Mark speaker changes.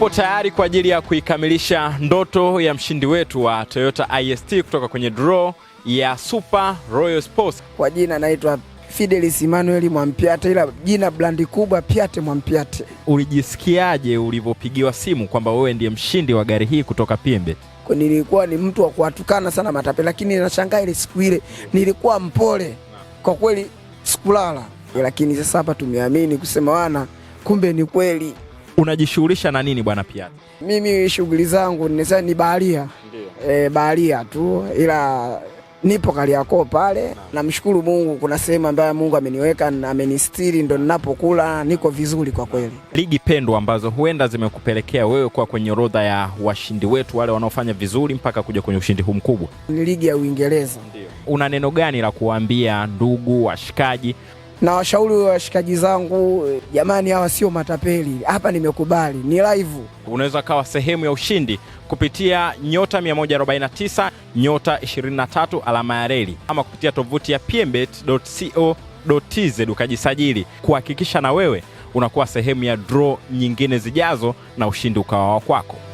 Speaker 1: Tupo tayari kwa ajili ya kuikamilisha ndoto ya mshindi wetu wa Toyota IST kutoka kwenye draw ya Super Royal Sports.
Speaker 2: Kwa jina naitwa Fidelis Emmanuel Mwampiate, ila jina blandi kubwa Pyate Mwampiate.
Speaker 1: Ulijisikiaje ulivyopigiwa simu kwamba wewe ndiye mshindi wa gari hii kutoka Pembe?
Speaker 2: Nilikuwa ni mtu wa kuwatukana sana matape, lakini nashangaa ile siku ile nilikuwa mpole kwa kweli, sikulala. Lakini sasa hapa tumeamini kusema wana, kumbe ni kweli
Speaker 1: unajishughulisha na nini bwana piata
Speaker 2: Mimi shughuli zangu nisa ni baharia e, baharia tu, ila nipo Kariakoo pale. Namshukuru Mungu, kuna sehemu ambayo Mungu ameniweka na amenistiri, ndo ninapokula niko vizuri kwa kweli.
Speaker 1: Ligi pendwa ambazo huenda zimekupelekea wewe kuwa kwenye orodha ya washindi wetu wale wanaofanya vizuri mpaka kuja kwenye ushindi huu mkubwa
Speaker 2: ni ligi ya Uingereza.
Speaker 1: Una neno gani la kuwaambia ndugu washikaji
Speaker 2: na washauri wa washikaji zangu, jamani, hawa sio matapeli hapa. Nimekubali ni live.
Speaker 1: Unaweza kawa sehemu ya ushindi kupitia nyota 149 nyota 23 alama ya reli ama kupitia tovuti ya pmbet.co.tz ukajisajili kuhakikisha na wewe unakuwa sehemu ya draw nyingine zijazo na ushindi ukawa wa kwako.